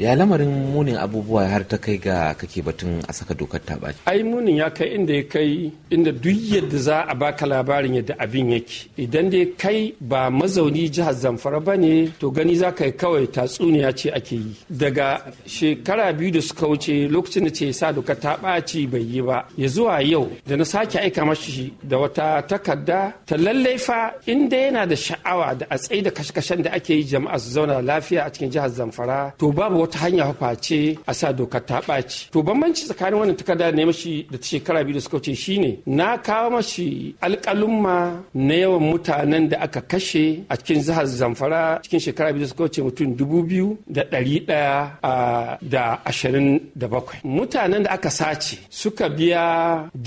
ya lamarin munin abubuwa har ta kai ga kake batun a saka dokar ta baki ai munin ya kai inda ya kai inda duk yadda za a baka labarin yadda abin yake idan dai kai ba mazauni jihar zamfara ba ne to gani za ka yi kawai tatsuniya ce ake yi daga shekara biyu da suka wuce lokacin da ce sa dokar ta baci bai yi ba ya zuwa yau da na sake aika mashi da wata takarda ta lallai fa inda yana da sha'awa da a tsaye da kashe-kashen da ake yi jama'a su zauna lafiya a cikin jihar zamfara to babu wata hanya ce a sa dokar ta ɓaci to bambanci tsakanin wannan takarda da mashi da ta shekara biyu da suka wuce shine na kawo mashi alƙalumma na yawan mutanen da aka kashe a cikin jihar zamfara cikin shekara biyu da suka wuce mutum dubu biyu da ɗari ɗaya da ashirin da bakwai mutanen da aka sace suka biya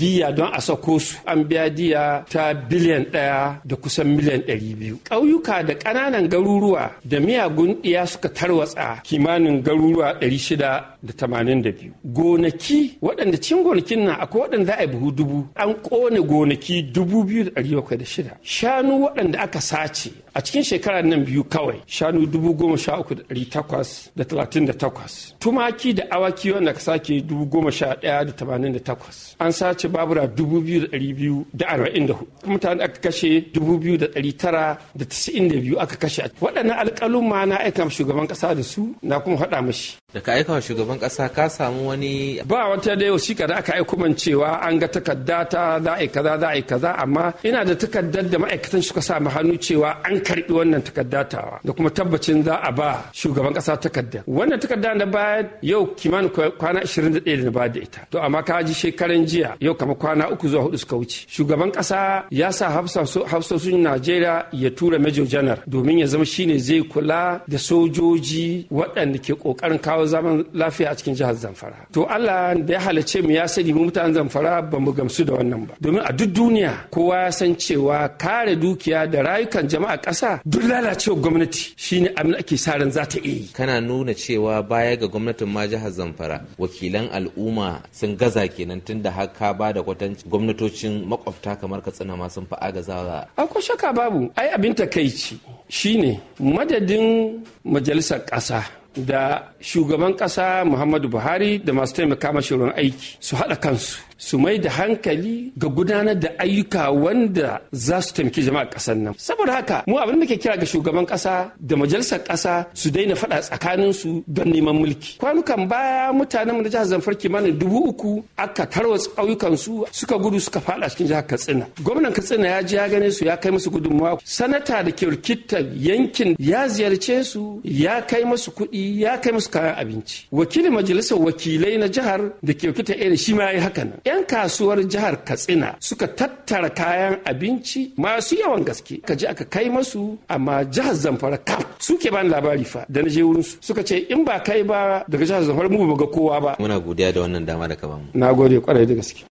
diya don a sako su an biya diya ta biliyan ɗaya da kusan miliyan ɗari biyu ƙauyuka da ƙananan garuruwa da miyagun ɗiya suka tarwatsa kimanin garuruwa shekaru 600 da tamanin da biyu gonaki waɗanda cin gonakin nan akwai waɗanda za a yi buhu dubu an ƙone gonaki dubu biyu da ɗari bakwai da shida shanu waɗanda aka sace a cikin shekara nan biyu kawai shanu dubu goma sha uku da ɗari takwas da talatin da takwas tumaki da awaki wanda aka sake dubu goma sha ɗaya da tamanin da takwas an sace babura dubu biyu da ɗari biyu da arba'in da hudu mutane aka kashe dubu biyu da ɗari tara da tasa'in da biyu aka kashe waɗannan alƙaluma na aika shugaban ƙasa da su na kuma haɗa mashi da ka aika wa shugaban kasa ka samu wani ba wata da yau shika da aka aiko man cewa an ga takarda ta za a yi kaza za a yi kaza amma ina da takardar da ma'aikatan suka sa mu hannu cewa an karbi wannan takarda tawa da kuma tabbacin za a ba shugaban kasa takarda wannan takarda da baya yau kimanin kwana 21 da na bada ita to amma ka ji shekaran jiya yau kamar kwana uku zuwa hudu suka wuce shugaban kasa ya sa hafsoshin Najeriya ya tura Major Janar domin ya zama shine zai kula da sojoji waɗanda ke kokarin kawo kawo zaman lafiya a cikin jihar Zamfara. To Allah da ya halice mu ya sani mu mutanen Zamfara ba mu gamsu da wannan ba. Domin a duk duniya kowa ya san cewa kare dukiya da rayukan jama'a ƙasa duk lalacewa gwamnati shine abin da ake sa ran za ta iya yi. Kana nuna cewa baya ga gwamnatin ma jihar Zamfara wakilan al'umma sun gaza kenan tunda har ka ba da gwamnatocin makwabta kamar Katsina ma sun fi agazawa. Akwai shaka babu ai abin takaici shine madadin majalisar ƙasa da shugaban ƙasa Muhammadu Buhari da masu taimaka mashi wurin aiki su haɗa kansu su mai da hankali ga gudanar da ayyuka wanda za su taimaki jama'a kasar nan saboda haka mu abin da ke kira ga shugaban ƙasa da majalisar kasa su daina faɗa tsakanin su don neman mulki kwanukan baya mutanen da jihar zamfara kimanin dubu uku aka tarwatsa ƙauyukan su suka gudu suka faɗa cikin jihar katsina gwamnan katsina ya ji ya gane su ya kai musu gudunmawa sanata da ke yankin ya ziyarce su ya kai musu kuɗi ya kai musu kayan abinci wakilin majalisar wakilai na jihar da ke rikitar irin shi ma ya yi haka nan 'yan kasuwar jihar katsina suka tattara kayan abinci masu yawan gaske ka ji aka kai masu amma jihar zamfara kaf suke bani labari fa da na je wurin su suka ce in ba kai ba daga jihar zamfara mu ba ga kowa ba muna godiya da wannan dama da ka bamu na gode kwarai da gaske